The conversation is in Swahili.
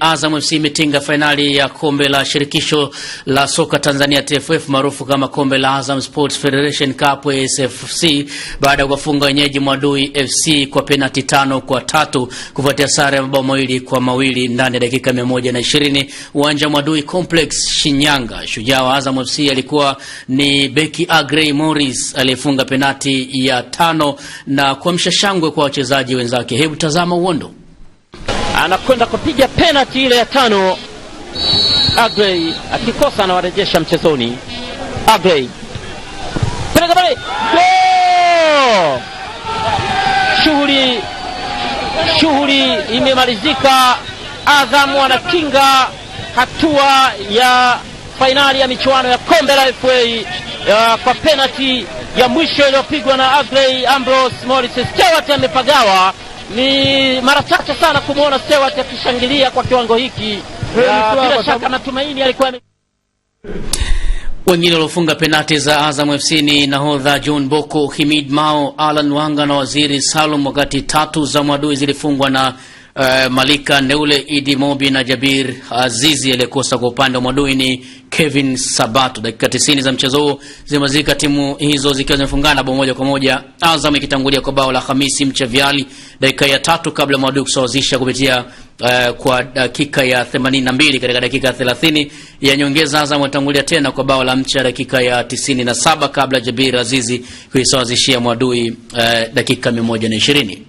Azam FC imetinga fainali ya kombe la shirikisho la soka Tanzania TFF maarufu kama kombe la Azam Sports Federation Cup ASFC baada ya kuwafunga wenyeji Mwadui FC kwa penati tano kwa tatu kufuatia sare ya mabao mawili kwa mawili ndani ya dakika 120 uwanja Mwadui Complex Shinyanga. Shujaa wa Azam FC alikuwa ni beki Agrey Morris aliyefunga penati ya tano na kuamsha shangwe kwa wachezaji wenzake. Hebu tazama uondo anakwenda kupiga penalti ile ya tano. Agrey akikosa anawarejesha mchezoni. Agrey peleka pale, shughuli shughuli imemalizika. Azam anakinga hatua ya fainali ya michuano ya kombe la FA kwa penalti ya mwisho iliyopigwa na Agrey Ambrose Morris Stewart amepagawa. Ni mara chache sana kumwona Stewart akishangilia kwa kiwango hiki. Bila shaka matumaini alikuwa wengine waliofunga penati za Azam FC ni nahodha John Boko, Himid Mao, Alan Wanga na Waziri Salum, wakati tatu za Mwadui zilifungwa na uh, Malika Neule, Idi Mobi na Jabir Azizi. Aliyekosa kwa upande wa Mwadui ni Kevin Sabato. Dakika 90 za mchezo huo zimemalizika timu hizo zikiwa zimefungana bao moja kwa moja, Azam ikitangulia kwa bao la Hamisi Mcheviali dakika ya tatu kabla Mwadui kusawazisha kupitia Uh, kwa dakika ya 82. Katika dakika ya 30 ya nyongeza, Azam atangulia tena kwa bao la mcha dakika ya 97 kabla Jabir Azizi kuisawazishia Mwadui uh, eh, dakika 120.